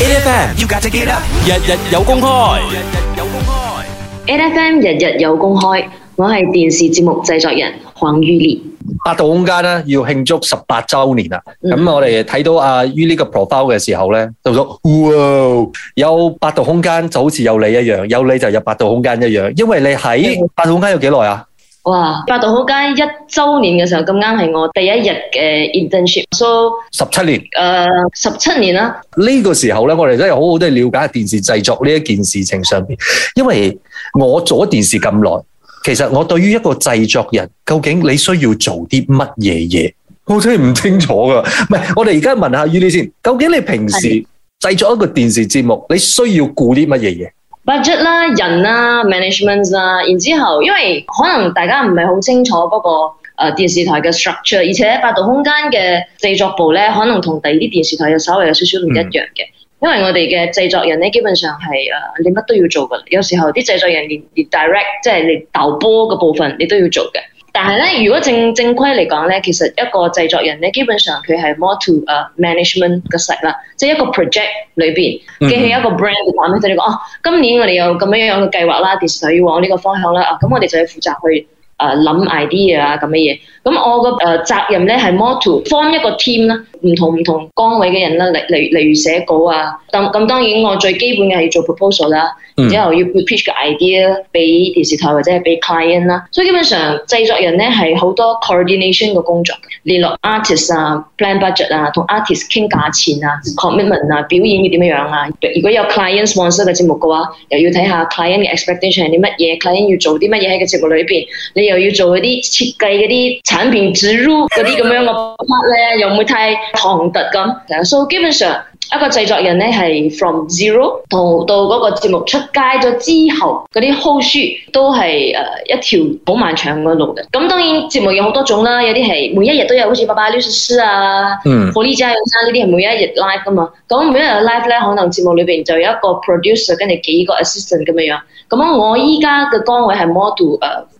N F M 要架隻機啦，日日有公開。N F M 日日有公開，我係電視節目製作人黃裕麗。八度空間咧要慶祝十八周年啦，咁我哋睇到阿于呢個 profile 嘅時候咧，就講，哇，有八度空間就好似有你一樣，有你就有八度空間一樣，因為你喺八度空間有幾耐啊？哇！八度空間一周年嘅時候咁啱係我第一日嘅 internship，so 十七年，誒，十七年啦。呢個時候咧，我哋真係好好地了解電視製作呢一件事情上邊，因為我做咗電視咁耐，其實我對於一個製作人究竟你需要做啲乜嘢嘢，我真係唔清楚噶。唔係，我哋而家問下於你先，究竟你平時製作一個電視節目，你需要顧啲乜嘢嘢？budget 啦，人啦，managements 啦，然之後，因為可能大家唔係好清楚嗰個誒電視台嘅 structure，而且八度空間嘅製作部咧，可能同第二啲電視台有稍微有少少唔一樣嘅。嗯、因為我哋嘅製作人咧，基本上係誒你乜都要做嘅，有時候啲製作人連連 direct，即係你導播嘅部分，你都要做嘅。但係咧，如果正正規嚟講咧，其實一個製作人咧，基本上佢係 more to、uh, management 嘅實力啦，即係一個 project 裏邊，佢係、mm hmm. 一個 brand 嘅產品。即係你講，哦、啊，今年我哋有咁樣樣嘅計劃啦，電視台要往呢個方向啦，啊，咁我哋就要負責去誒諗、呃、idea 啊咁嘅嘢。咁我個誒、呃、責任咧係 more to，form 一個 team 啦，唔同唔同崗位嘅人啦，例例例如寫稿啊，咁咁當然我最基本嘅係要做 proposal 啦，mm. 然之後要 pitch 個 idea 俾電視台或者係俾 client 啦，所以基本上製作人咧係好多 coordination 嘅工作，聯絡 artist 啊，plan budget 啊，同 artist 傾價錢啊，commitment 啊，表演要點樣樣啊，如果有 client sponsor 嘅節目嘅話，又要睇下 client 嘅 expectation 係啲乜嘢，client 要做啲乜嘢喺個節目裏邊，你又要做嗰啲設計嗰啲。產品植入嗰啲咁樣嘅 part 咧，又唔會太唐突咁，所、so, 以基本上一個製作人咧係 from zero 到到嗰個節目出街咗之後，嗰啲 whole show 都係誒、呃、一條好漫長嘅路嘅。咁當然節目有好多種啦，有啲係每一日都有，好似八八六十四啊，火力加油啊呢啲係每一日 live 噶嘛。咁每一日 live 咧，可能節目裏邊就有一個 producer 跟住幾個 assistant 咁樣樣。咁我依家嘅崗位係 model 誒、uh,。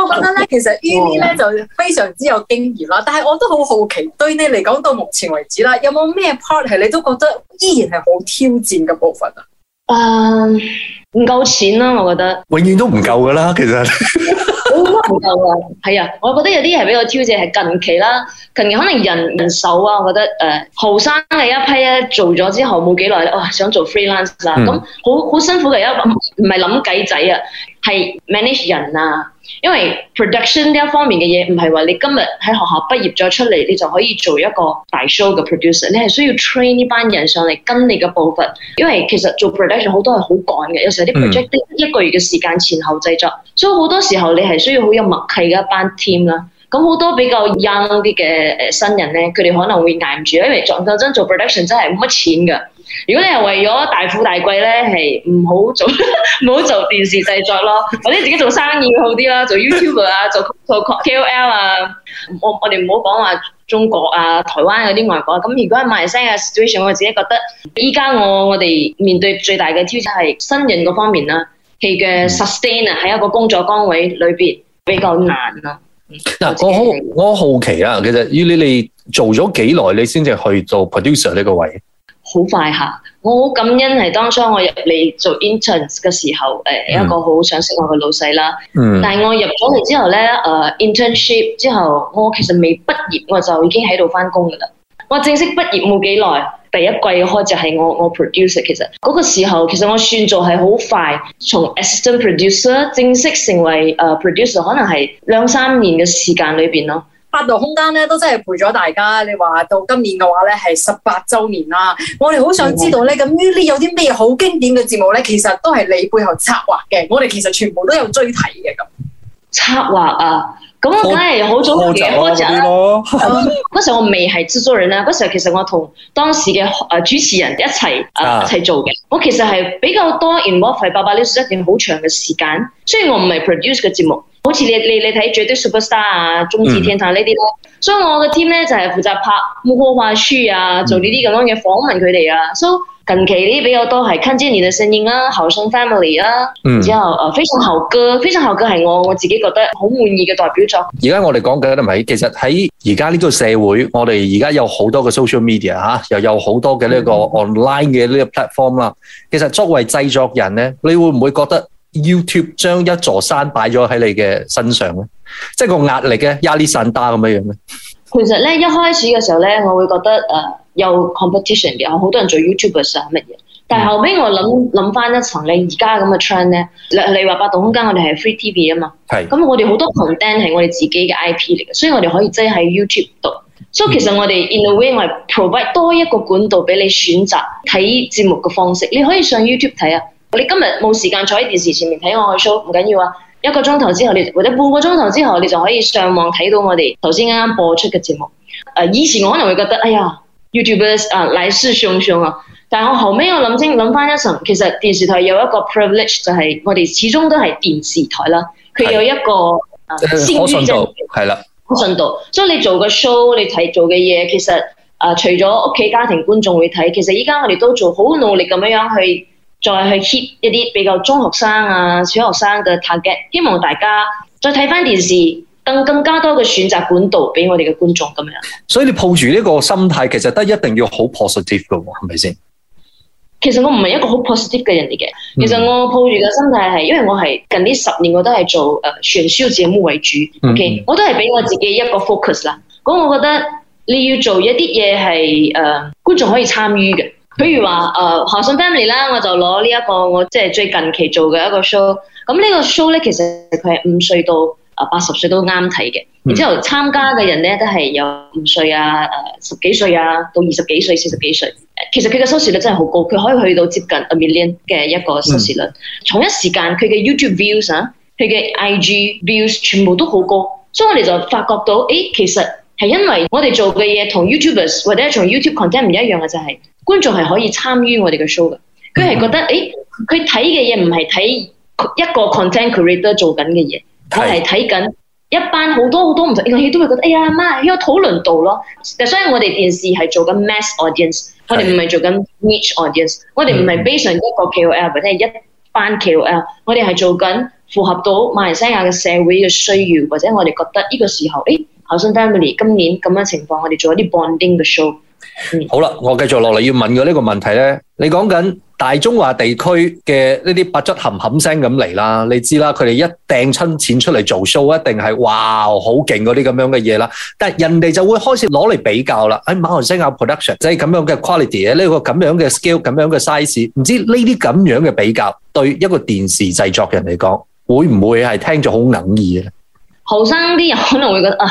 我覺得咧，其實於你咧就非常之有經驗啦。但係我都好好奇，對你嚟講到目前為止啦，有冇咩 part 係你都覺得依然係好挑戰嘅部分啊？誒、嗯，唔夠錢啦，我覺得永遠都唔夠㗎啦，其實好唔 夠啊。係啊，我覺得有啲嘢係比較挑戰，係近期啦，近期可能人人手啊，我覺得誒後生嘅一批咧做咗之後冇幾耐咧，哇、哦、想做 freelance 啦，咁好好辛苦嘅一唔係諗計仔啊，係 manage 人啊。因為 production 呢一方面嘅嘢，唔係話你今日喺學校畢業咗出嚟，你就可以做一個大 show 嘅 producer。你係需要 train 呢班人上嚟跟你嘅步伐。因為其實做 production 好多係好趕嘅，有時啲 project 一一個月嘅時間前後製作，嗯、所以好多時候你係需要好有默契嘅一班 team 啦。咁好多比較 young 啲嘅誒新人咧，佢哋可能會捱唔住，因為做夠真做 production 真係冇乜錢㗎。如果你係為咗大富大貴咧，係唔好做唔好做電視製作咯，或者自己做生意好啲啦，做 YouTuber 啊，做做 KOL 啊。我我哋唔好講話中國啊、台灣嗰啲外國。咁如果係 Malaysia situation，我自己覺得依家我我哋面對最大嘅挑戰係新人嗰方面啦，佢嘅 sustain 啊喺一個工作崗位裏邊比較難啊。嗱，我，我好我好奇啊，其實依你哋做咗幾耐，你先至去到 producer 呢個位？好快吓、啊，我好感恩係當初我入嚟做 interns 嘅時候，誒，嗯、一個好賞識我嘅老細啦。嗯。但係我入咗嚟之後咧，誒、哦 uh，internship 之後，我其實未畢業我就已經喺度返工噶啦。我正式畢業冇幾耐，第一季開就係我我 producer。其實嗰個時候，其實我算做係好快從 assistant producer 正式成為誒 producer，可能係兩三年嘅時間裏邊咯。八度空間咧都真係陪咗大家。你話到今年嘅話咧係十八週年啦，我哋好想知道咧咁呢啲、嗯、有啲咩好經典嘅節目咧，其實都係你背後策劃嘅。我哋其實全部都有追睇嘅咁。策劃啊，咁我梗係好早嘅，嗰陣嗰時候我未係製作人啦，嗰時候其實我同當時嘅誒主持人一齊誒、啊、一齊做嘅，我其實係比較多 involve 八一段好長嘅時間，雖然我唔係 produce 嘅節目，好似你你你睇《絕對 Super Star》啊，《中字天堂》呢啲咯，所以我嘅 team 咧就係負責拍幕後花絮啊，做呢啲咁樣嘅訪問佢哋啊，so。嗯近期呢啲比較多係 Kenzie 嘅聲音啦，孝順 family 啦，嗯、然之後誒非常好歌，非常好歌係我我自己覺得好滿意嘅代表作。而家我哋講緊都係，其實喺而家呢個社會，我哋而家有好多嘅 social media 嚇，又有好多嘅呢一個 online 嘅呢個 platform 啦、啊。其實作為製作人咧，你會唔會覺得 YouTube 將一座山擺咗喺你嘅身上咧？即係個壓力咧，亞歷山大咁樣樣咧。其實咧，一開始嘅時候咧，我會覺得誒。啊有 competition，有好多人做 YouTubers 啊，乜嘢？但後尾我諗諗翻一層，你而家咁嘅 trend 咧，你你話八度空間，我哋係 free TV 啊嘛，咁是我哋好多 content 係、嗯、我哋自己嘅 IP 嚟嘅，所以我哋可以即係喺 YouTube 度。所、so, 以其實我哋 in a way 我係 provide 多一個管道俾你選擇睇節目嘅方式。你可以上 YouTube 睇啊！你今日冇時間坐喺電視前面睇我嘅 show，唔緊要啊，一個鐘頭之後你，或者半個鐘頭之後，你就可以上網睇到我哋頭先啱啱播出嘅節目。誒、呃，以前我可能會覺得，哎呀～YouTube 啊，來勢洶洶啊！但係我後尾我諗清諗翻一層，其實電視台有一個 privilege 就係我哋始終都係電視台啦，佢有一個的啊，可信度係啦，好可信度。了所以你做嘅 show，你睇做嘅嘢，其實啊，除咗屋企家庭，家庭觀眾會睇，其實依家我哋都做好努力咁樣樣去再去 keep 一啲比較中學生啊、小學生嘅 target。希望大家再睇翻電視。更加多嘅選擇管道俾我哋嘅觀眾咁樣，所以你抱住呢個心態，其實都一定要好 positive 嘅，係咪先？其實我唔係一個好 positive 嘅人嚟嘅，其實我抱住嘅心態係，因為我係近呢十年我都係做誒傳銷節目為主嗯，嗯，OK，我都係俾我自己一個 focus 啦。咁我覺得你要做一啲嘢係誒觀眾可以參與嘅，譬如話誒韓信 Family 啦、這個，我就攞呢一個我即係最近期做嘅一個 show，咁呢個 show 咧，其實佢係五歲到。啊，八十歲都啱睇嘅。嗯、然之後參加嘅人咧，都係有五歲啊，誒十幾歲啊，到二十幾歲、四十幾歲。其實佢嘅收視率真係好高，佢可以去到接近 a million 嘅一個收視率。同、嗯、一時間，佢嘅 YouTube views 啊，佢嘅 IG views 全部都好高。所以我哋就發覺到，誒，其實係因為我哋做嘅嘢同 YouTubers 或者同 YouTube content 唔一樣嘅，就係、是、觀眾係可以參與我哋嘅 show 嘅。佢係覺得，嗯、誒，佢睇嘅嘢唔係睇一個 content creator 做緊嘅嘢。 我係睇緊一班好多好多唔同嘅戲都會覺得，哎呀，媽，呢個討論度咯。但係所以，我哋電視係做緊 mass audience， 我哋唔係做緊 niche audience， 我哋唔係 base on 一個 KOL，或者係一班 KOL，我哋係做緊符合到馬來西亞嘅社會嘅需要，或者我哋覺得呢個時候，誒、哎，考生 family 今年咁樣情況，我哋做一啲 bonding 嘅 show。嗯、好啦，我繼續落嚟要問嘅呢個問題咧，你講緊大中華地區嘅呢啲八足冚冚聲咁嚟啦，你知啦，佢哋一掟親錢出嚟做 show，一定係哇好勁嗰啲咁樣嘅嘢啦。但係人哋就會開始攞嚟比較啦，喺、哎、馬來西亞 production 即係咁樣嘅 quality 呢個咁樣嘅 scale，咁樣嘅 size，唔知呢啲咁樣嘅比較對一個電視製作人嚟講，會唔會係聽咗好哽耳咧？後生啲人可能會覺得啊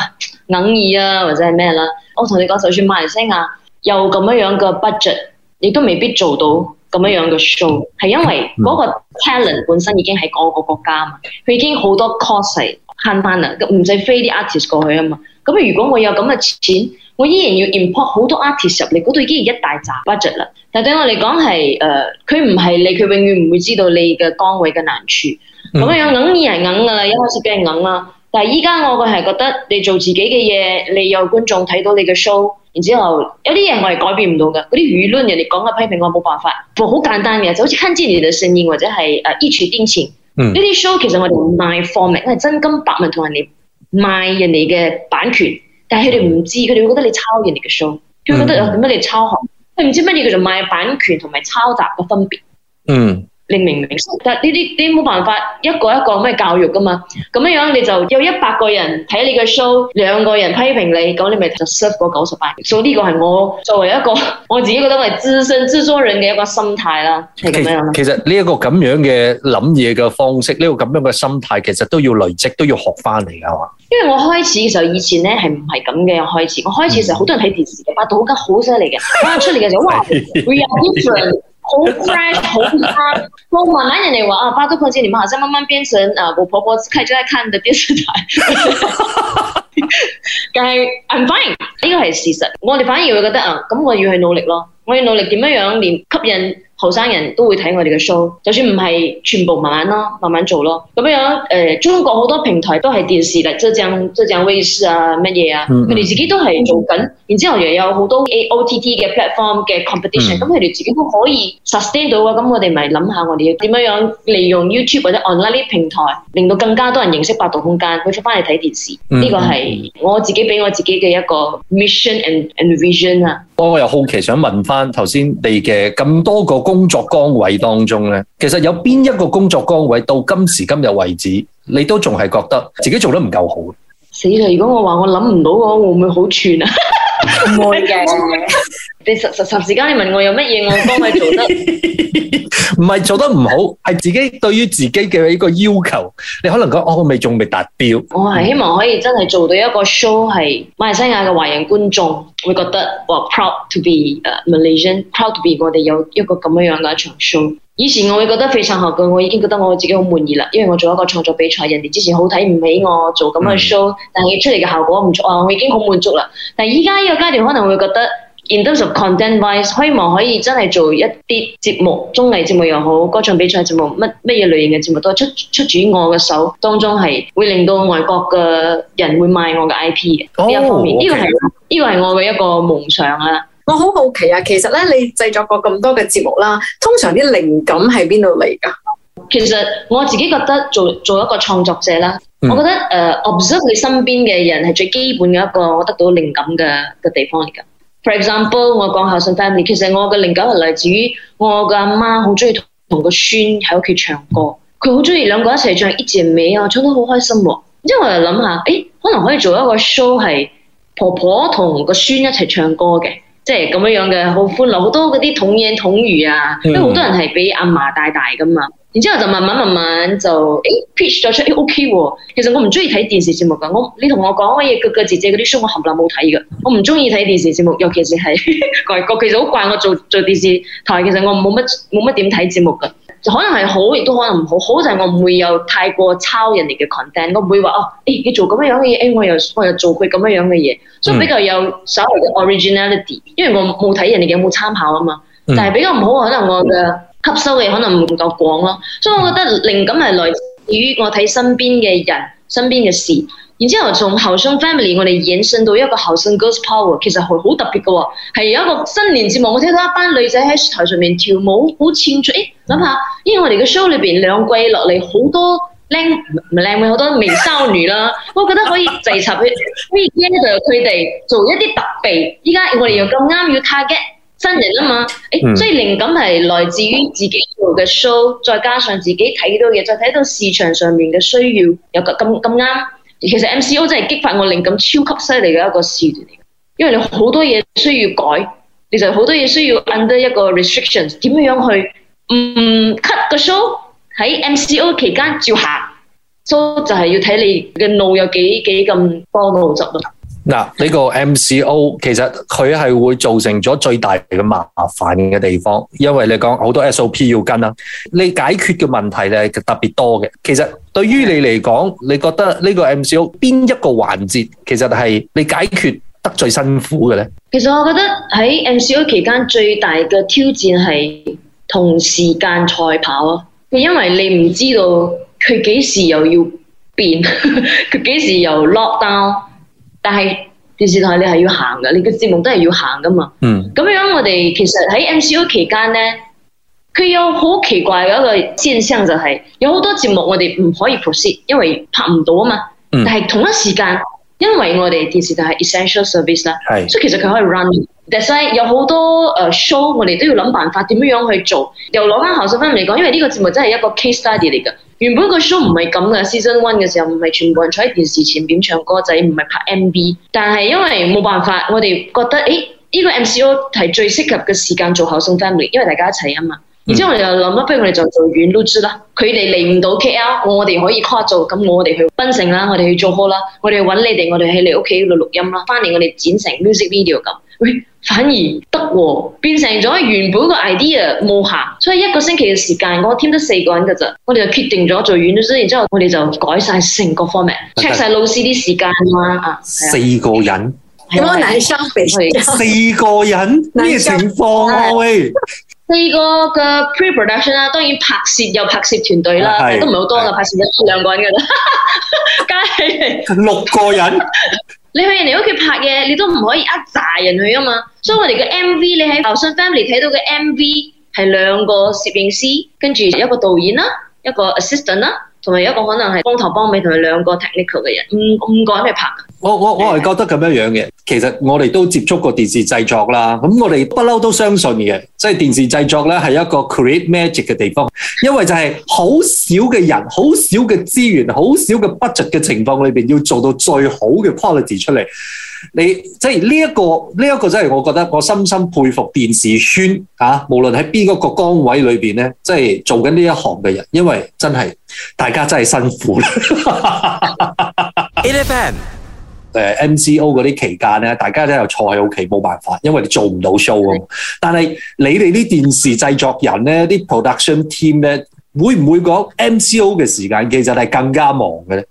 哽耳啊，或者係咩啦？我同你講，就算馬來西亞。有咁樣樣嘅 budget，亦都未必做到咁樣樣嘅 show，係因為嗰個 talent 本身已經喺嗰個國家啊嘛，佢已經好多 cost 係慳翻啦，唔使飛啲 artist 過去啊嘛。咁如果我有咁嘅錢，我依然要 import 好多 artist 入嚟，嗰度已經一大扎 budget 啦。但對我嚟講係誒，佢唔係你，佢永遠唔會知道你嘅崗位嘅難處，咁樣樣硬已係硬噶啦，一開始俾人硬啦。但係依家我嘅係覺得你做自己嘅嘢，你有觀眾睇到你嘅 show，然後之後有啲嘢我係改變唔到嘅，嗰啲輿論人哋講嘅批評我冇辦法。好簡單嘅，就好似《看見你的聲音》或者係誒《一曲定情》呢啲、嗯、show，其實我哋賣貨名，係真金白銀同人哋賣人哋嘅版權，但係佢哋唔知，佢哋會覺得你抄人哋嘅 show，佢覺得啊點解你抄紅？佢唔知乜嘢叫做賣版權同埋抄襲嘅分別。嗯。你明唔明熟，但呢啲啲冇辦法一個一個咩教育噶嘛？咁樣樣你就有一百個人睇你嘅 show，兩個人批評你，咁你咪就 survive 個九十八。所以呢個係我作為一個我自己覺得我係資深資助人嘅一個心態啦。樣其實呢一個咁樣嘅諗嘢嘅方式，呢、呢個咁樣嘅心態，其實都要累積，都要學翻嚟嘅嚇。因為我開始嘅時候，以前咧係唔係咁嘅開始。我開始嘅時候，好、嗯、多人睇電視嘅拍到好急，好犀利嘅，拍出嚟嘅時候哇 reaction 好快，好慢，我慢慢人哋話啊，八度空間，你們好像慢慢變成啊，我婆婆開始在看，看的電視台， 但係 I'm fine，呢個係事實，我哋反而會覺得啊，咁、嗯、我要去努力咯，我要努力點樣樣，連吸引。後生人都會睇我哋嘅 show，就算唔係全部慢慢咯，慢慢做咯。咁樣樣誒，中國好多平台都係電視嚟，即係像即係啊乜嘢啊，佢哋、啊 mm hmm. 自己都係做緊。然之後又有好多 AOTT 嘅 platform 嘅 competition，咁佢哋、mm hmm. 自己都可以 sustain 到啊。咁我哋咪諗下我哋要點樣樣利用 YouTube 或者 Online 呢啲平台，令到更加多人認識八度空間，佢出翻嚟睇電視。呢、mm hmm. 個係我自己俾我自己嘅一個 mission and and vision 啊。我我又好奇想問翻頭先你嘅咁多個工作崗位當中呢，其實有邊一個工作崗位到今時今日為止，你都仲係覺得自己做得唔夠好？死啦！如果我話我諗唔到嘅話，我會唔會好串啊？唔會嘅。 你霎霎霎時間，你問我有乜嘢，我幫佢做得唔係 做得唔好，係自己對於自己嘅一個要求。你可能講我未仲未達標。我係希望可以真係做到一個 show，係馬來西亞嘅華人觀眾會覺得我、well, proud to be 誒、uh, Malaysian，proud to be 我哋有一個咁樣樣嘅一場 show。以前我會覺得非常合格，我已經覺得我自己好滿意啦。因為我做一個創作比賽，人哋之前好睇唔起我做咁嘅 show，、嗯、但係出嚟嘅效果唔錯啊，我已經好滿足啦。但係依家呢個階段可能會覺得。In terms of content wise，、I、希望可以真係做一啲節目，綜藝節目又好，歌唱比賽節目乜乜嘢類型嘅節目都出出，自我嘅手當中係會令到外國嘅人會買我嘅 I P 嘅呢一方面，呢個係呢個係我嘅一個夢想啦。我、oh, 好好奇啊，其實咧，你製作過咁多嘅節目啦，通常啲靈感係邊度嚟噶？其實我自己覺得做做一個創作者啦，mm. 我覺得誒、uh,，observe 你身邊嘅人係最基本嘅一個我得到靈感嘅嘅地方嚟噶。For example，我講孝順 family，其實我嘅靈感係嚟自於我嘅阿媽，好鍾意同個孫喺屋企唱歌，佢好鍾意兩個一齊唱依節尾啊，唱得好開心喎。然之後我就諗下，欸，可能可以做一個 show 係婆婆同個孫一齊唱歌嘅，即係咁樣嘅，好歡樂，好多嗰啲童言童語啊，嗯、因為好多人係俾阿嫲帶大㗎嘛。然之後就慢慢慢慢就，誒、欸、pitch 咗出、欸、OK 喎。其實我唔中意睇電視節目㗎。我你同我講嗰嘢個個字借嗰啲書，我冚唪唥冇睇㗎。我唔中意睇電視節目，尤其是外國，其實好怪。我做做電視台，其實我冇乜冇乜點睇節目㗎。可能係好，亦都可能唔好。好就係我唔會有太過抄人哋嘅 content 我、哦哎哎。我唔會話哦，誒你做咁樣嘅嘢，誒我又我又做佢咁樣樣嘅嘢，所以比較有所謂嘅 originality。因為我冇睇人哋嘅冇參考啊嘛，嗯、但係比較唔好可能我嘅。吸收嘅可能唔夠廣咯，所以我覺得靈感係來自於我睇身邊嘅人、身邊嘅事，然之後從後生 family 我哋延伸到一個後生 girls power，其實係好特別嘅喎，係有一個新年節目，我聽到一班女仔喺台上面跳舞，好青春，誒諗下，因為我哋嘅 show 裏面兩季落嚟好多靚唔靚女好多美少女啦，我覺得可以集齊佢哋，可以跟住佢哋做一啲特別，依家我哋又咁啱要 target 新人啊嘛，誒、欸，所以靈感係來自於自己做嘅 show，再加上自己睇到嘢，再睇到市場上面嘅需要有咁咁咁啱。其實 MCO 真係激發我靈感超級犀利嘅一個時段嚟，因為你好多嘢需要改，其實好多嘢需要 under 一個 restrictions，點樣樣去唔 cut 個 show 喺 MCO 期間照下，so 就係要睇你嘅腦有幾幾咁多腦汁咯。嗱，呢個 MCO 其實佢係會造成咗最大嘅麻煩嘅地方，因為你講好多 SOP 要跟啦，你解決嘅問題咧特別多嘅。其實對於你嚟講，你覺得呢個 MCO 邊一個環節其實係你解決得最辛苦嘅咧？其實我覺得喺 MCO 期間最大嘅挑戰係同時間賽跑啊！因為你唔知道佢幾時又要變，佢幾時又 lock down。但係電視台你係要行噶，你嘅節目都係要行噶嘛。嗯。咁樣我哋其實喺 MCO 期間咧，佢有好奇怪嘅一個現象就係、是，有好多節目我哋唔可以 produce，因為拍唔到啊嘛。但係同一時間，因為我哋電視台係 essential service 啦，係。所以其實佢可以 run，但係、嗯、有好多誒 show 我哋都要諗辦法點樣去做。又攞翻後數翻嚟講，因為呢個節目真係一個 case study 嚟噶。原本個 show 唔係咁嘅，season one 嘅時候唔係全部人坐喺電視前面唱歌仔，唔係拍 MV。但係因為冇辦法，我哋覺得誒呢、欸呢個 MCO 係最適合嘅時間做孝生 family，因為大家一齊啊嘛。Mm hmm. 然之後我哋就諗啦，不如我哋就做遠路豬啦。佢哋嚟唔到 KL，我我哋可以跨做。咁我哋去檳城啦，我哋去做 hall 啦，我哋揾你哋，我哋喺你屋企度錄音啦，翻嚟我哋剪成 music video 咁。哎反而得喎，變成咗原本個 idea 冇行，所以一個星期嘅時間，我 team 得四個人嘅咋。我哋就決定咗做完咗，所然之後我哋就改晒成個 format，check 晒老師啲時間嘛。啊，四個人，幫你相比去四個人咩情況啊？喂，四個嘅 pre production 啦，當然拍攝有拍攝團隊啦，都唔係好多啦，拍攝一、兩個人嘅啦，加起嚟六個人。你去人哋屋企拍嘢，你都唔可以一紮人去啊嘛，所以我哋嘅 MV 你喺 House Family 睇到嘅 MV 係，兩個攝影師，跟住一個導演啦，一個 assistant 啦。同埋一個可能係幫頭幫尾同埋兩個 technical 嘅人，唔唔敢去拍我。我我我係覺得咁樣樣嘅，其實我哋都接觸過電視製作啦。咁我哋不嬲都相信嘅，即係電視製作咧係一個 create magic 嘅地方，因為就係好少嘅人、好少嘅資源、好少嘅 budget 嘅情況裏邊，要做到最好嘅 quality 出嚟。你即係呢一個呢一個真係我覺得我深深佩服電視圈啊，無論喺邊一個崗位裏邊咧，即係做緊呢一行嘅人，因為真係大家真係辛苦。 In FM，誒，MCO 嗰啲期間咧，大家咧又坐喺屋企冇辦法，因為你做唔到 show 啊嘛。但係你哋啲電視製作人咧，啲 production team 咧，會唔會講 MCO 嘅時間其實係更加忙嘅咧？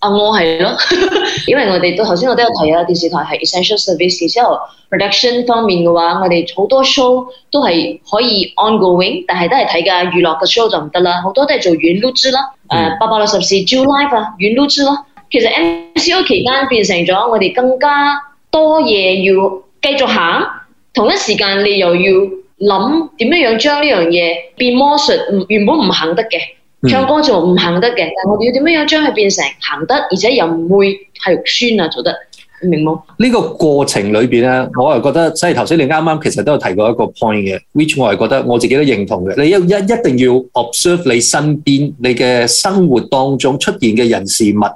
啊，我係咯， 因為我哋都頭先我都有提啦，電視台係 essential service。之後 production 方面嘅話，我哋好多 show 都係可以 ongoing，但係都係睇嘅娛樂嘅 show 就唔得啦。好多都係做預錄製啦，誒八百六十四 show、呃、live 啊，預錄製咯。其實 MCO 期間變成咗我哋更加多嘢要繼續行，同一時間你又要諗點樣樣將呢樣嘢變魔術，原本唔行得嘅。唱歌就唔行得嘅，但係我哋要點樣將佢變成行得，而且又唔會係肉酸啊做得明冇？呢個過程裏邊咧，我係覺得即係頭先你啱啱其實都有提過一個 point 嘅，which 我係覺得我自己都認同嘅。你一一一定要 observe 你身邊、你嘅生活當中出現嘅人事物，呢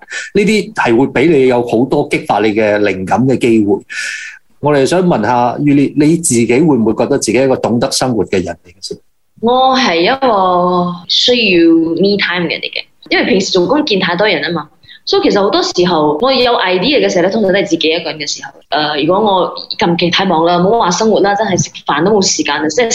啲係會俾你有好多激發你嘅靈感嘅機會。我哋想問下，於你你自己會唔會覺得自己一個懂得生活嘅人嚟嘅先？我係一個需要 me time 嘅人嚟嘅，因為平時做工見太多人啊嘛，所以其實好多時候我有 idea 嘅時候通常都係自己一個人嘅時候，呃。如果我近期太忙啦，冇話生活啦，真係食飯都冇時間，即係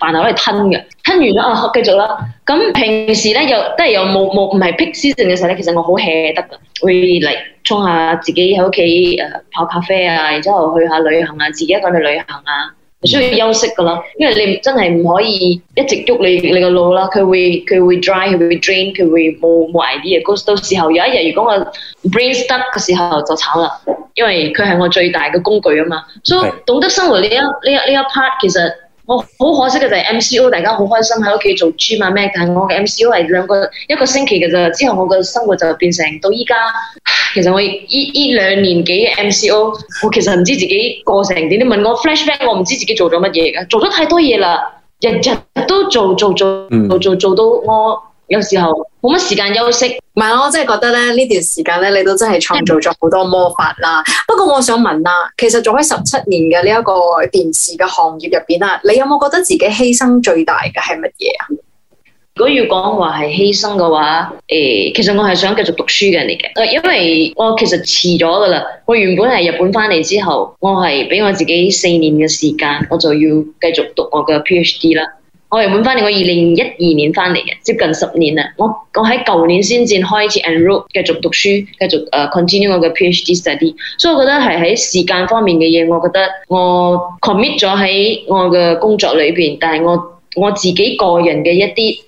飯係可以吞嘅，吞完咗啊繼續啦。咁平時呢，又都係又冇冇唔係 peak season 嘅時候其實我好 hea 得噶，會嚟沖下自己喺屋企泡咖啡啊，然之後去下旅行啊，自己一個人去旅行啊。需要休息噶啦，因為你真係唔可以一直喐你你個腦啦，佢會佢會 dry，佢會 drain，佢會冇冇 idea。到到時候有一日如果我 brain stuck 嘅時候就慘啦，因為佢係我最大嘅工具啊嘛。所、so, 以是懂得生活呢一呢一呢一 part，其實我好可惜嘅就係 MCO，大家好開心喺屋企做 gym 啊咩，但係我嘅 MCO 係兩個一個星期嘅咋，之後我嘅生活就變成到依家。其實我依依兩年幾嘅 MCO，我其實唔知自己過成點。你問我 flashback，我唔知自己做咗乜嘢噶做咗太多嘢啦，日日都做做做做做做，做到我有時候冇乜時間休息。唔係、嗯，我真係覺得咧呢段時間咧，你都真係創造咗好多魔法啦。嗯、不過我想問啦，其實做喺十七年嘅呢一個電視嘅行業入邊啦，你有冇覺得自己犧牲最大嘅係乜嘢啊？如果要講話係犧牲嘅話，誒、欸，其實我係想繼續讀書嘅嚟嘅。誒，因為我其實遲咗噶啦。我原本係日本翻嚟之後，我係俾我自己四年嘅時間，我就要繼續讀我嘅 PhD 啦。我日本翻嚟，我二零一二年翻嚟嘅，接近十年啦。我我喺舊年先至開始 enroll，繼續讀書，繼續、uh, continue 我嘅 PhD study。所以，我覺得係喺時間方面嘅嘢，我覺得我 commit 咗喺我嘅工作裏邊，但係我我自己個人嘅一啲。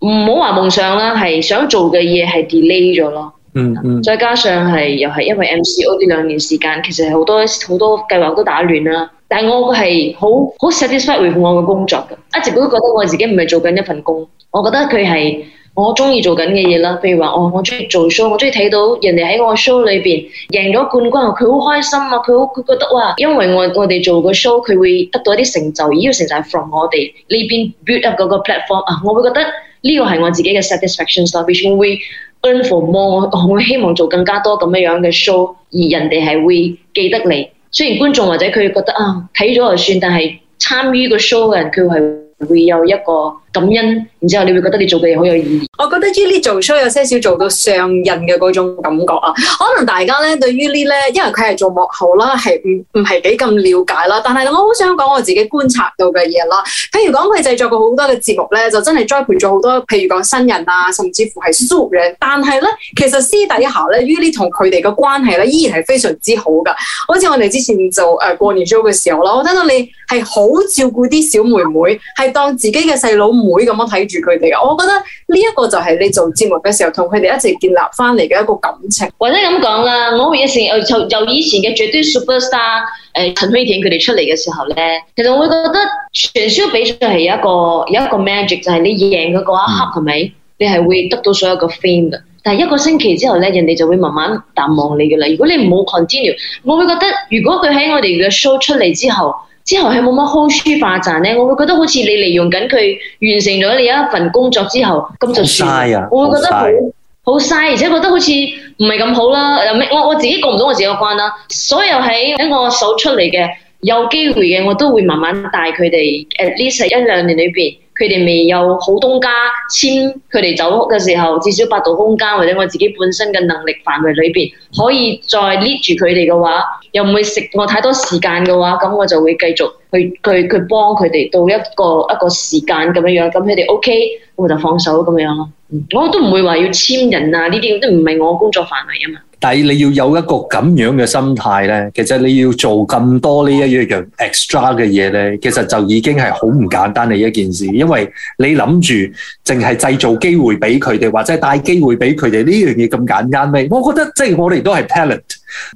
唔好話夢想啦，係想做嘅嘢係 delay 咗咯。嗯嗯，再加上係又係因為 MCO 呢兩年時間，其實係好多好多計劃都打亂啦。但係我係好好 satisfied with 我嘅工作㗎。一直都覺得我自己唔係做緊一份工，我覺得佢係我中意做緊嘅嘢啦。譬如話，哦，我中意做 show，我中意睇到人哋喺我 show 裏邊贏咗冠軍，佢好開心啊，佢佢覺得哇，因為我我哋做個 show，佢會得到一啲成就，而要成就係 from 我哋呢邊 build up 嗰個 platform 啊，我會覺得。呢個係我自己嘅 satisfaction 啦，我會 earn for more，我我希望做更加多咁樣樣嘅 show，而人哋係會記得你。雖然觀眾或者佢覺得啊，睇咗就算，但係參與個 show 嘅人佢係會有一個。感恩，然之後你會覺得你做嘅嘢好有意義。我覺得 Yuli 做 show 有些少做到上癮嘅嗰種感覺啊，可能大家咧對於呢咧，因為佢係做幕後啦，係唔唔係幾咁了解啦。但係我好想講我自己觀察到嘅嘢啦。譬如講佢製作過好多嘅節目咧，就真係栽培咗好多，譬如講新人啊，甚至乎係 super。但係咧，其實私底下咧，Yuli 同佢哋嘅關係咧，依然係非常之好噶。好似我哋之前做誒、呃、過年 show 嘅時候啦，我聽到你係好照顧啲小妹妹，係當自己嘅細佬。會咁樣睇住佢哋嘅，我覺得呢一個就係你做節目嘅時候，同佢哋一直建立翻嚟嘅一個感情。或者咁講啦，我以前由由以前嘅《絕對 Superstar》呃，誒陳輝鍵佢哋出嚟嘅時候咧，其實我會覺得傳銷比賽係有一個有一個 magic，就係你贏嗰一刻係咪？你係會得到所有嘅 fan 嘅，但係一個星期之後咧，人哋就會慢慢淡忘你嘅啦。如果你冇 continue，我會覺得如果佢喺我哋嘅 show 出嚟之後。之後係冇乜好處化賺咧，我會覺得好似你利用緊佢完成咗你一份工作之後，咁就算啦。啊、我會覺得好好嘥，而且覺得好似唔係咁好啦。我自己過唔到我自己個關啦。所有喺我手出嚟嘅有機會嘅，我都會慢慢帶佢哋誒呢十一兩年裏面。佢哋未有好東家簽佢哋走屋嘅時候，至少八度空間或者我自己本身嘅能力範圍裏邊可以再 lead 住佢哋嘅話，又唔會食我太多時間嘅話，咁我就會繼續去去去幫佢哋到一個一個時間咁樣樣，咁佢哋 O K，我就放手咁樣咯。我都唔會話要簽人啊，呢啲都唔係我工作範圍啊嘛。但係你要有一個咁樣嘅心態咧，其實你要做咁多呢一樣 extra 嘅嘢咧，其實就已經係好唔簡單嘅一件事，因為你諗住淨係製造機會俾佢哋，或者帶機會俾佢哋呢樣嘢咁簡單咩？我覺得即係我哋都係 talent，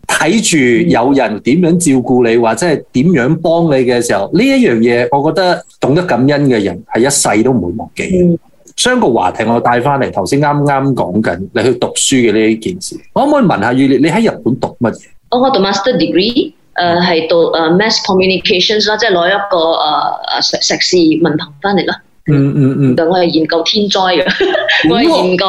睇住有人點樣照顧你，或者係點樣幫你嘅時候，呢一樣嘢，我覺得懂得感恩嘅人係一世都唔會忘記。商，個話題，我帶翻嚟頭先啱啱講緊你去讀書嘅呢一件事，我可唔可以問下你？你喺日本讀乜嘢？我我讀 master degree，誒係、mm hmm. uh, 讀誒 mass communications 啦，即係攞一個誒碩、uh, 碩士文憑翻嚟咯。嗯嗯嗯，hmm. 我係研究天災嘅、mm hmm. 我研究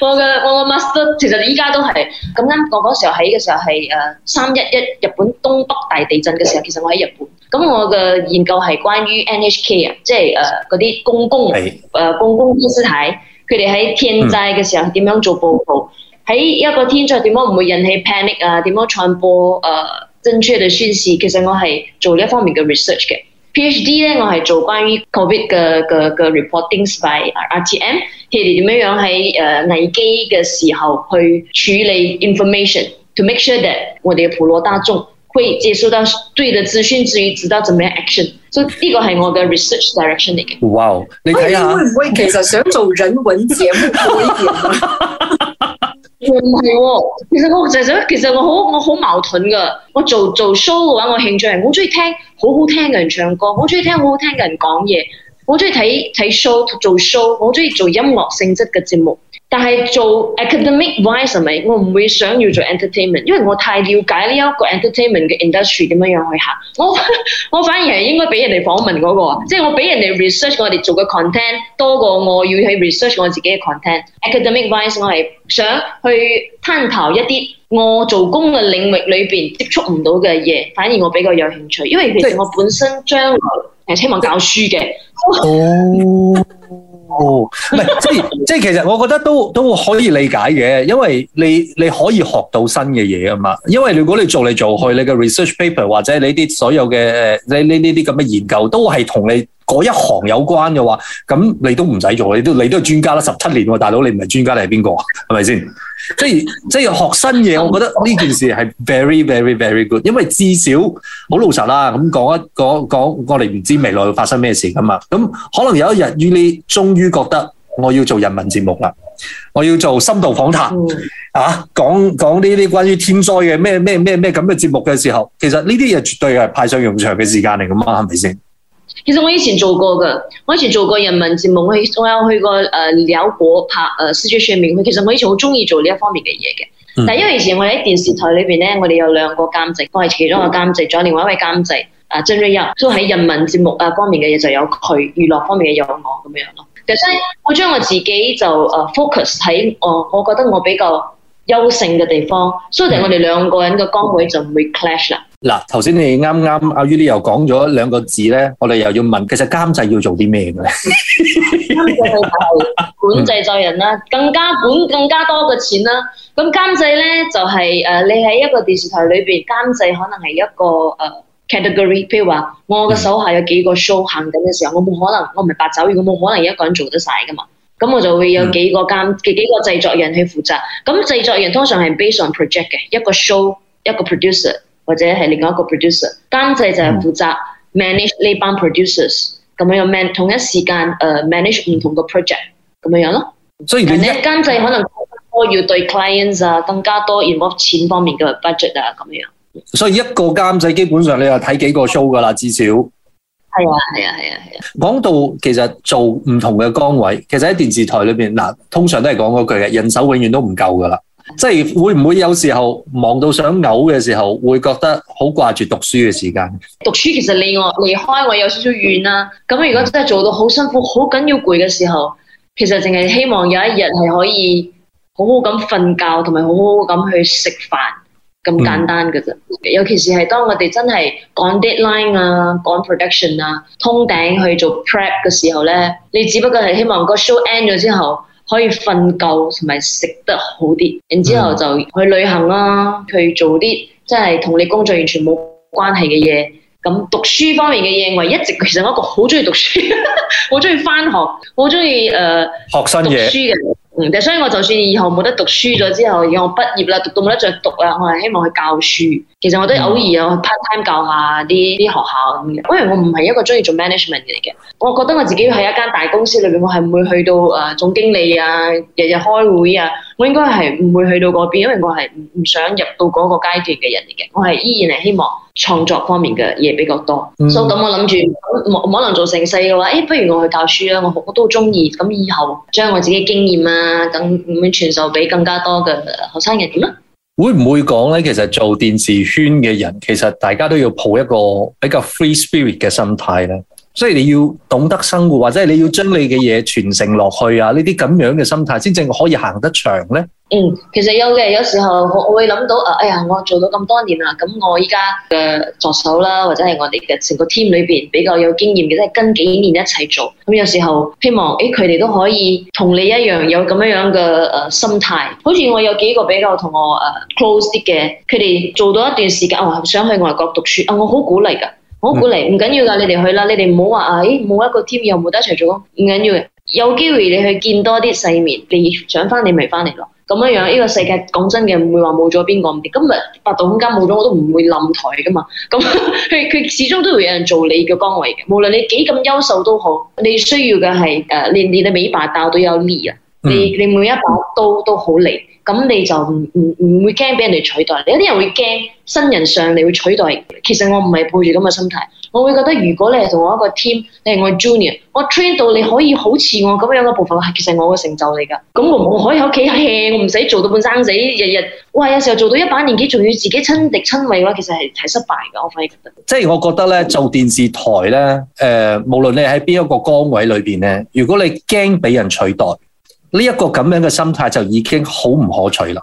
我嘅我我 master，其實依家都係咁啱。我、那、嗰、個、時候喺嘅時候係誒三一一日本東北大地震嘅時候，mm hmm. 其實我喺日本。咁我嘅研究係關於 NHK 啊，即係誒嗰啲公共誒是、呃、公共電視台，佢哋喺天災嘅時候點樣做報告？喺、嗯、一個天災點解唔會引起 panic 啊？點樣傳播誒、呃、正確嘅宣示？其實我係做呢一方面嘅 research 嘅。嗯、PhD 咧，我係做關於 COVID 嘅嘅嘅 reportings by RTM，佢哋點樣喺誒危機嘅時候去處理 information，to make sure that 我哋嘅普羅大眾。會接收到對的資訊，之餘知道怎麼樣 action，所以呢個係我嘅 research direction 嚟嘅。哇、wow, 你睇下，哎，會唔會其實想做人文節目多啲？ 我唔係喎，其實我就想，其實我好我好矛盾噶。我做做 show 嘅話，我興趣係我中意聽好好聽嘅人唱歌，我中意聽好好聽嘅人講嘢，我中意睇睇 show 做 show，我中意做音樂性質嘅節目。但係做 academic advice 係咪，我唔會想要做 entertainment，因為我太了解呢一個 entertainment 嘅 industry 點樣樣去行。我我反而係應該俾人哋訪問嗰、那個，即係我俾人哋 research 我哋做嘅 content 多過我要去 research 我自己嘅 content。academic advice 我係想去探討一啲我做工嘅領域裏邊接觸唔到嘅嘢，反而我比較有興趣，因為其實我本身將來對希望教書嘅。哦、嗯。 哦，唔係，即係即係，其實我覺得都都可以理解嘅，因為你你可以學到新嘅嘢啊嘛。因為如果你做嚟做去，你嘅 research paper 或者你啲所有嘅誒，呢呢呢啲咁嘅研究都係同你嗰一行有關嘅話，咁你都唔使做，你都你都係專家啦。十七年大佬，你唔係專家，你係邊個啊？係咪先？即係即係學新嘢，我覺得呢件事係 very very very good，因為至少好老實啦，咁講一講講，我哋唔知未來會發生咩事噶嘛，咁可能有一日呢，終於覺得我要做人民節目啦，我要做深度訪談、嗯、啊，講講呢啲關於天災嘅咩咩咩咩咁嘅節目嘅時候，其實呢啲嘢絕對係派上用場嘅時間嚟噶嘛，係咪先？其實我以前做過嘅，我以前做過人民節目，我我有去過誒遼國拍誒世上面》呃。其實我以前好中意做呢一方面嘅嘢嘅。但係因為以前我喺電視台裏邊咧，我哋有兩個監製，我係其中一個監製，仲有另外一位監製啊 Jerry 都喺人民節目啊方面嘅嘢，就有佢，娛樂方面嘅有我咁樣樣咯。就所以我將我自己就誒 focus 喺我，我覺得我比較優勝嘅地方，所以我哋兩個人嘅崗位就唔會 clash 啦。嗱，頭先你啱啱阿 Yuli 又講咗兩個字咧，我哋又要問，其實監製要做啲咩嘅咧？監製 管製作人啦，更加管更加多嘅錢啦。咁監製咧就係誒，你喺一個電視台裏邊，監製可能係一個誒 category，譬如話我嘅手下有幾個 show 行緊嘅時候，我冇可能，我唔係八爪魚，如果冇可能一個人做得晒噶嘛，咁我就會有幾個監幾幾個製作人去負責。咁製作人通常係 based on project 嘅一個 show，一個 producer。或者係另外一個 producer，監製就係負責 manage 呢班 producers，咁樣樣 man、嗯、同一時間，嗯，誒 manage 唔同嘅 project，咁樣樣咯。所以你監製可能要對 clients 啊，更加多 involve 錢方面嘅 budget 啊，咁樣。所以一個監製基本上你又睇幾個 show 㗎啦，至少。係啊，係啊，係啊，係啊。講到其實做唔同嘅崗位，其實喺電視台裏邊嗱，通常都係講嗰句嘅，人手永遠都唔夠㗎啦。即係會唔會有時候忙到想嘔嘅時候，會覺得好掛住讀書嘅時間。讀書其實離我離開我有少少遠啦、啊。咁如果真係做到好辛苦、好緊要攰嘅時候，其實淨係希望有一日係可以好好咁瞓覺，同埋好好咁去食飯，咁簡單嘅啫。嗯、尤其是係當我哋真係講 deadline 啊、講 production 啊、通頂去做 prep 嘅時候咧，你只不過係希望個 show end 咗之後。可以瞓夠同埋食得好啲，然之後就去旅行啦，去做啲即係同你工作完全冇關係嘅嘢。咁讀書方面嘅嘢，我一直其實我一個好鍾意讀書，好鍾意返學，好鍾意誒學新嘢讀書嘅。嗯，所以我就算以後冇得讀書咗之後，以後畢業啦，讀到冇得再讀啦，我係希望去教書。其實我都偶爾有去 part time 教下啲啲學校咁嘅。因為我唔係一個中意做 management 嚟嘅，我覺得我自己喺一間大公司裏邊，我係唔會去到誒總經理啊，日日開會啊，我應該係唔會去到嗰邊，因為我係唔唔想入到嗰個階段嘅人嚟嘅。我係依然係希望創作方面嘅嘢比較多。所以咁我諗住，冇冇可能做成世嘅話，誒，不如我去教書啦，我我，我，我，我，我都中意。咁以後將我自己嘅經驗啊～啊！咁唔會傳授俾更加多嘅後生人點咧？會唔會講咧？其實做電視圈嘅人，其實大家都要抱一個比較 free spirit 嘅心態咧。即係你要懂得生活，或者係你要將你嘅嘢傳承落去啊！呢啲咁樣嘅心態，先正可以行得長咧。嗯，其實有嘅，有時候我我會諗到，誒，哎呀，我做到咁多年啦，咁我依家嘅助手啦，或者係我哋嘅成個 team 裏邊比較有經驗嘅，即係跟幾年一齊做。咁有時候希望，誒、哎，佢哋都可以同你一樣有咁樣樣嘅誒心態。好似我有幾個比較同我誒 close 啲嘅，佢哋做到一段時間，我係想去外國讀書，啊，我好鼓勵噶。好鼓勵，唔緊要噶，你哋去啦，你哋唔好話啊，咦、哎，冇一個 team 又冇得一齊做，唔緊要嘅。有機會你去見多啲世面，你想翻你咪翻嚟咯。咁樣樣，呢、這個世界講真嘅，唔會話冇咗邊個咁嘅。今日八度空間冇咗，我都唔會冧台噶嘛。咁佢 始終都會有人做你嘅崗位嘅，無論你幾咁優秀都好，你需要嘅係你連連你尾巴掉都有利啊。你、嗯、你每一把刀都好利，咁你就唔唔唔會驚俾人哋取代。有啲人會驚新人上嚟會取代。其實我唔係抱住咁嘅心態，我會覺得如果你係同我一個 team，你係我 junior，我 train 到你可以好似我咁樣嘅步伐。係其實我嘅成就嚟噶。咁我唔可以喺屋企我唔使做到半生死，日日哇有時候做到一把年紀，仲要自己親力親為嘅話，其實係係失敗噶。我反而覺得即係我覺得咧做電視台咧，誒、呃，無論你喺邊一個崗位裏邊咧，如果你驚俾人取代。呢一個咁樣嘅心態就已經好唔可取啦，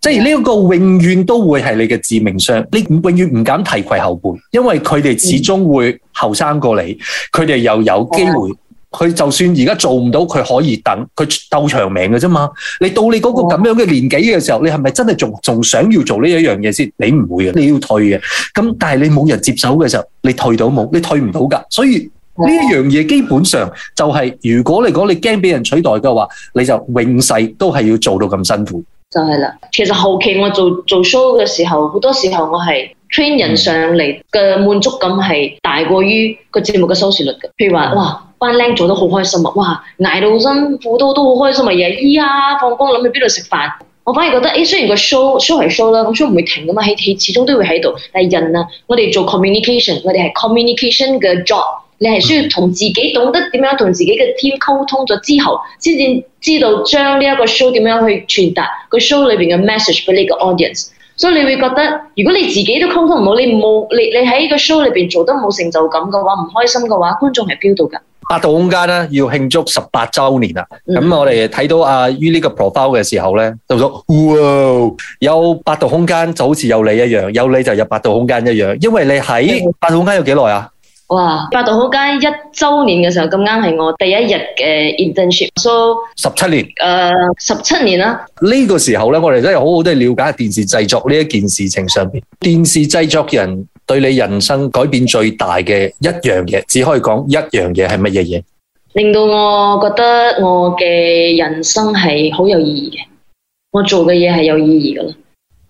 即係呢一個永遠都會係你嘅致命傷。你永遠唔敢提攜後輩，因為佢哋始終會後生過你，佢哋又有機會。佢、哦、就算而家做唔到，佢可以等，佢鬥長命嘅啫嘛。你到你嗰個咁樣嘅年紀嘅時候，哦、你係咪真係仲仲想要做呢一樣嘢先？你唔會嘅，你要退嘅。咁但係你冇人接手嘅時候，你退到冇，你退唔到㗎。所以。呢一樣嘢基本上就係、是，如果你講你驚俾人取代嘅話，你就永世都係要做到咁辛苦。就係啦，其實後期我做做 show 嘅時候，好多時候我係 train 人上嚟嘅滿足感係大過於個節目嘅收視率嘅。譬如話，哇，班靚做得好開心啊，哇，捱到好辛苦都都好開心啊，嘢咿呀放工諗去邊度食飯。我反而覺得，誒雖然個 show show 係 show 啦，咁 show 唔會停㗎嘛，喺始終都會喺度。但係人啊，我哋做 communication，我哋係 communication 嘅 job。你係需要同自己懂得點樣同自己嘅 team 溝通咗之後，先至知道將呢一個 show 點樣去傳達個 show 裏邊嘅 message 俾呢個 audience。所以你會覺得，如果你自己都溝通唔到，你冇你你喺個 show 裏邊做得冇成就感嘅話，唔開心嘅話，觀眾係飆到㗎。八度空間咧要慶祝十八週年啦，咁、嗯、我哋睇到啊於呢個 profile 嘅時候咧，就咗，哇！有八度空間就好似有你一樣，有你就有八度空間一樣，因為你喺八度空間有幾耐啊？哇！八度空間一周年嘅時候咁啱係我第一日嘅 internship，so 十七年誒，十七年啦。呢個時候咧，我哋真係好好都係了解電視製作呢一件事情上面。電視製作人對你人生改變最大嘅一樣嘢，只可以講一樣嘢係乜嘢嘢？令到我覺得我嘅人生係好有意義嘅，我做嘅嘢係有意義噶啦。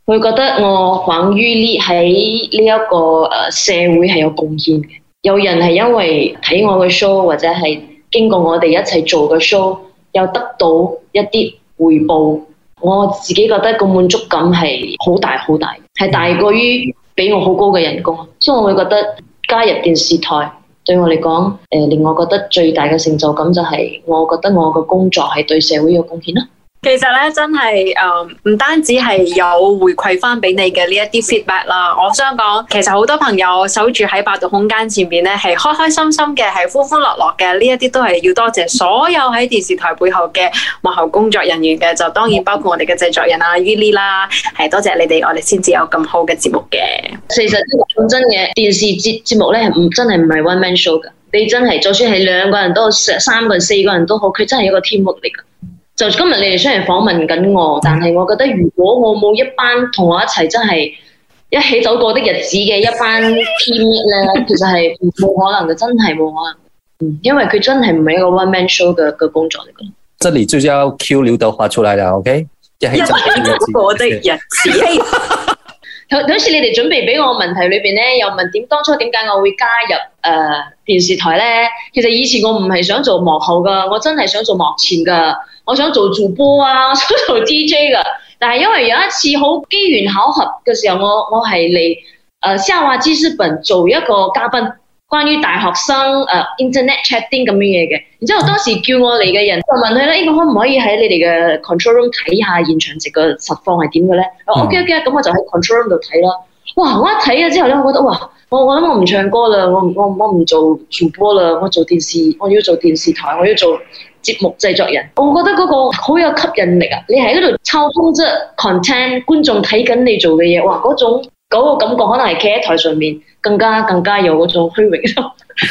佢覺得我反於呢喺呢一個誒社會係有貢獻嘅。有人係因為睇我嘅 show，或者係經過我哋一齊做嘅 show，又得到一啲回報，我自己覺得個滿足感係好大好大，係大過於畀我好高嘅人工，所以我會覺得加入電視台對我嚟講，誒、呃、令我覺得最大嘅成就感就係，我覺得我嘅工作係對社會有貢獻啦。其實咧，真係誒，唔單止係有回饋翻俾你嘅呢一啲 feedback 啦。我想講，其實好多朋友守住喺八度空間前面咧，係開開心心嘅，係歡歡樂樂嘅。呢一啲都係要多謝所有喺電視台背後嘅幕後工作人員嘅，就當然包括我哋嘅製作人、啊、Yuli, 啦、l i 啦，係多謝你哋，我哋先至有咁好嘅節目嘅。其實講真嘅，電視節節目咧，唔真係唔係 one man show 噶。你真係，就算係兩個人都、三個人、四個人都好，佢真係一個 team 嚟噶。就今日你哋雖然訪問緊我，但係我覺得如果我冇一班同我一齊真係一起走過的日子嘅一班 team 咧，其實係冇可能嘅，真係冇可能。嗯，因為佢真係唔係一個 one man show 嘅嘅工作嚟嘅。這裏就要 cue 劉德華出嚟啦，OK？一起走過的日子。同同 時，你哋準備俾我問題裏邊咧，又問點當初點解我會加入誒、呃、電視台咧？其實以前我唔係想做幕後噶，我真係想做幕前噶。我想做主播啊，我想做 DJ 噶。但係因為有一次好機緣巧合嘅時候，我我係嚟誒夏娃知識本做一個嘉賓，關於大學生誒、呃、internet chatting 咁嘅嘢嘅。然之後當時叫我嚟嘅人就、嗯、問佢咧，呢個我可唔可以喺你哋嘅 control room 睇下現場直播實況係點嘅咧？嗯、我 ok ok，咁我就喺 control room 度睇咯。哇！我一睇咗之後咧，我覺得哇，我我諗我唔唱歌啦，我我我唔做主播啦，我，做電，我做電視，我要做電視台，我要做。節目製作人，我覺得嗰個好有吸引力啊！你喺嗰度抽風即 content，觀眾睇緊你做嘅嘢，哇！嗰種嗰、嗰個感覺，可能係企喺台上面更加更加有嗰種虛榮心，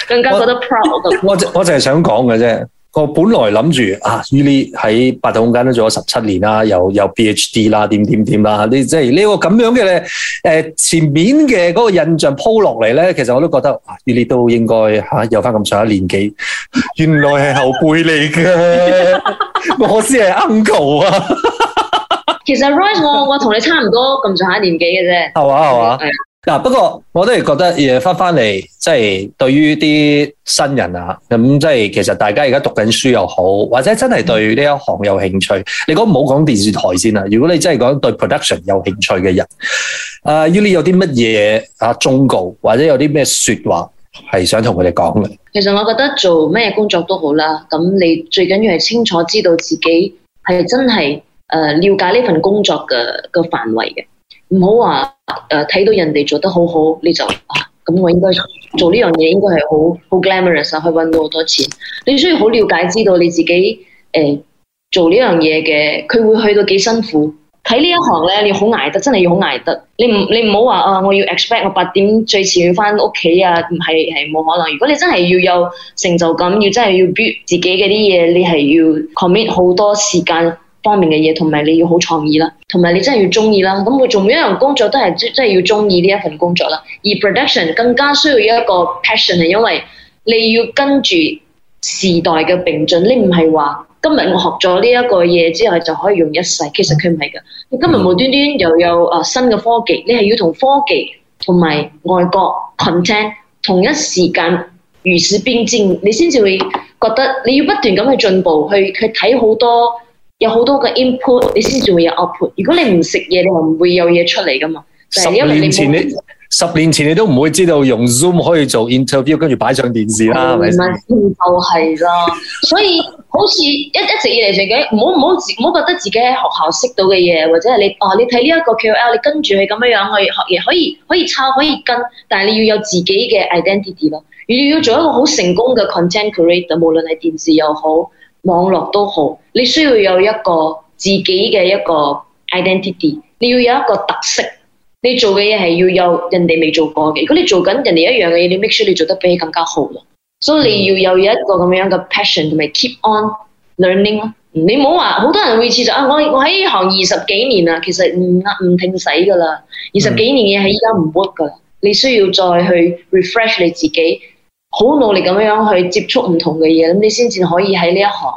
更加覺得 proud 我。我我我就係想講嘅啫。我本來諗住啊，於你喺八度空間都做咗十七年啦，又有 PhD 啦，點點點啦，你即係呢個咁樣嘅咧，誒、呃、前面嘅嗰個印象鋪落嚟咧，其實我都覺得啊，於你都應該吓有翻咁上下年紀，原來係後輩嚟嘅， 我先係 uncle 啊。 其實 rise 我我同你差唔多咁上下年紀嘅啫，係嘛，係嘛。嗱，不過我都係覺得嘢翻翻嚟，即係、就是、對於啲新人啊，咁即係其實大家而家讀緊書又好，或者真係對呢一行有興趣。你講唔好講電視台先啦。如果你真係講對 production 有興趣嘅人，誒，於你有啲乜嘢啊忠告，或者有啲咩說話係想同佢哋講嘅？其實我覺得做咩工作都好啦，咁你最緊要係清楚知道自己係真係誒了解呢份工作嘅個範圍嘅。唔好話誒，睇、呃、到人哋做得好好，你就啊，咁我應該做呢樣嘢，應該係好好 glamorous 啊，可以搵到好多錢。你需要好了解，知道你自己誒、呃、做呢樣嘢嘅，佢會去到幾辛苦。睇呢一行咧，你好捱得，真係要好捱得。你唔你唔好話啊，我要 expect 我八點最遲要翻屋企啊，唔係，係冇可能。如果你真係要有成就感，要真係要 build 自己嘅啲嘢，你係要 commit 好多時間。方面嘅嘢，同埋你要好創意啦，同埋你真係要中意啦。咁我做每一樣工作都係真係要中意呢一份工作啦。而 production 更加需要一個 passion，係因為你要跟住時代嘅並進，你唔係話今日我學咗呢一個嘢之後就可以用一世。其實佢唔係㗎，你今日無端端又有啊新嘅科技，你係要同科技同埋外國 content 同一時間如此變遷，你先至會覺得你要不斷咁去進步，去去睇好多，有好多嘅 input，你先至會有 output。如果你唔食嘢，你又唔會有嘢出嚟㗎嘛？十年前你，你，你，十年前你都唔會知道用 Zoom 可以做 interview，跟住擺上電視啦，係咪？嗯？嗎就係啦， 所以好似一一直以嚟自己，唔好唔好唔好覺得自己喺學校識到嘅嘢，或者係你哦、啊，你睇呢一個 KOL，你跟住佢咁樣樣去學嘢，可以可以抄可，可以跟，但係你要有自己嘅 identity 咯。你要做一個好成功嘅 content creator，無論係電視又好。網絡都好，你需要有一個自己嘅一個 identity，你要有一個特色，你做嘅嘢係要有人哋未做過嘅。如果你做緊人哋一樣嘅嘢，你 make sure 你做得比佢更加好咯。所以你要有一個咁樣嘅 passion 同埋 keep on learning 咯。你唔好話，好多人會似就啊，我我喺呢行二十幾年啦，其實唔呃唔停使噶啦，二十幾年嘢係依家唔 work 噶，你需要再去 refresh 你自己。好努力咁樣去接觸唔同嘅嘢，咁你先至可以喺呢一行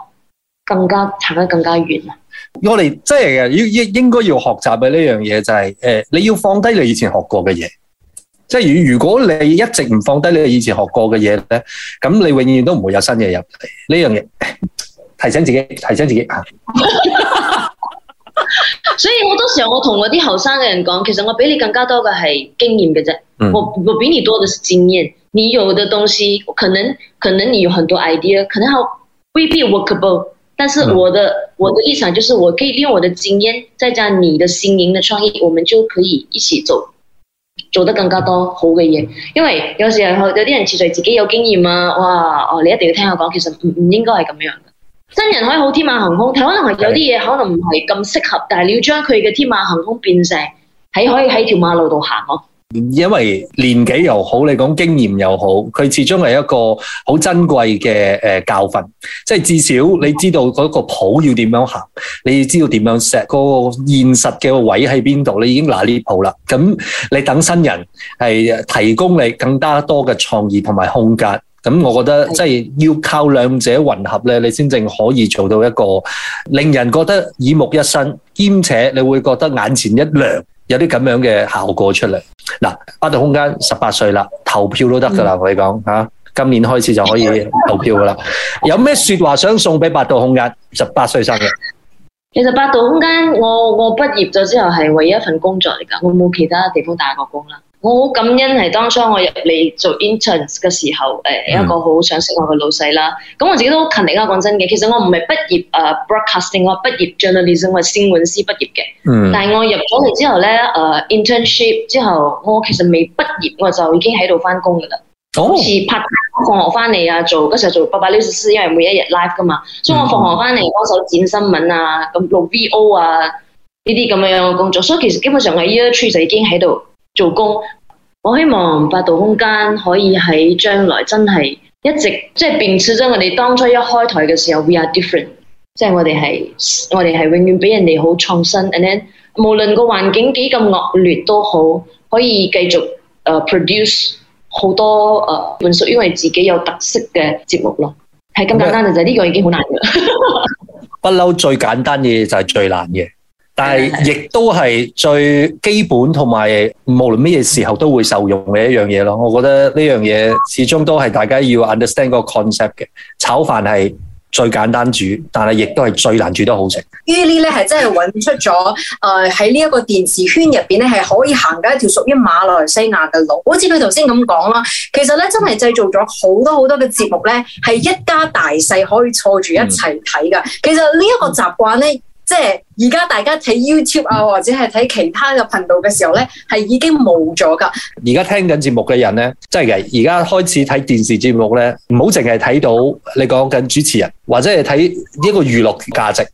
更加撐得更加遠啊！我哋即係啊，應應應該要學習嘅呢樣嘢就係、是、誒、呃，你要放低你以前學過嘅嘢。即係如果你一直唔放低你以前學過嘅嘢咧，咁你永遠都唔會有新嘢入嚟。呢樣嘢提醒自己，提醒自己啊。 所以好多時候我同我啲後生嘅人講，其實我比你更加多嘅係經驗嘅啫，我、嗯、我比你多嘅是經驗。你有嘅東西，可能可能你有很多 idea，可能好未必 workable，但是我的、嗯、我的立場就是，我可以利用我的經驗，再加你的心靈嘅創意，我們就可以一起做做得更加多好嘅嘢。因為有時候有有啲人其實自己有經驗啊，哇哦，你一定要聽我講，其實唔唔應該係咁樣。新人可以好天馬行空，佢可能係有啲嘢可能唔係咁適合，但係你要將佢嘅天馬行空變成喺可以喺條馬路度行咯。因為年紀又好，你講經驗又好，佢始終係一個好珍貴嘅誒教訓，即係至少你知道嗰個譜要點樣行，你要知道點樣 set 個現實嘅位喺邊度，你已經拿呢譜啦。咁你等新人係提供你更加多嘅創意同埋空間。咁，我覺得即係要靠兩者混合咧，你先正可以做到一個令人覺得耳目一新，兼且你會覺得眼前一亮，有啲咁樣嘅效果出嚟。嗱，八度空間十八歲啦，投票都得噶啦，我哋講吓，今年開始就可以投票噶啦。有咩説話想送俾八度空間十八歲生日？其實八度空間，我我畢業咗之後係唯一一份工作嚟噶，我冇其他地方打過工啦。我好感恩係當初我入嚟做 intern 嘅時候，誒、嗯、一個好賞識我嘅老細啦。咁我自己都好勤力啦，講真嘅。其實我唔係畢業啊、uh，broadcasting 我畢業 journalism 我係新聞師畢業嘅。嗯、但係我入咗嚟之後咧，誒、uh, internship 之後，我其實未畢業我就已經喺度翻工噶啦。哦。似拍，我放學翻嚟啊，做嗰時候做八百六十絲，因為每一日 live 噶嘛，所以我放學翻嚟幫手剪新聞啊，咁錄 VO 啊，呢啲咁樣樣嘅工作。所以其實基本上我 year three 就已經喺度做工，我希望八度空間可以喺將來真係一直即係秉持咗我哋當初一開台嘅時候 We are different，即係我哋係我哋係永遠比人哋好創新，and then 無論個環境幾咁惡劣都好，可以繼續誒 produce 好多誒，本屬於我自己有特色嘅節目咯，係咁簡單麼就係呢個已經好難噶麼，不嬲 最簡單嘅嘢就係最難嘅。但係亦都係最基本，同埋無論乜嘢時候都會受用嘅一樣嘢咯。我覺得呢樣嘢始終都係大家要 understand 個 concept 嘅。炒飯係最簡單煮，但係亦都係最難煮得好食。於呢咧係真係揾出咗誒喺呢一個電視圈入邊咧係可以行緊一條屬於馬來西亞嘅路。好似佢頭先咁講啦，其實咧真係製造咗好多好多嘅節目咧係一家大細可以坐住一齊睇噶。嗯、其實習慣呢一個習慣咧。即係而家大家睇 YouTube 啊，或者係睇其他嘅頻道嘅時候咧，係已經冇咗噶。而家聽緊節目嘅人咧，真係嘅。而家開始睇電視節目咧，唔好淨係睇到你講緊主持人，或者係睇呢一個娛樂價值。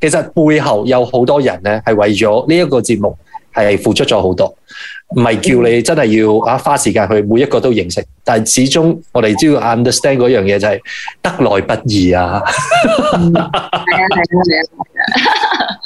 其實背後有好多人咧，係為咗呢一個節目係付出咗好多。唔係叫你真係要啊花時間去每一個都認識，但係始終我哋只要 understand 嗰樣嘢就係得來不易啊。係啊，係啊。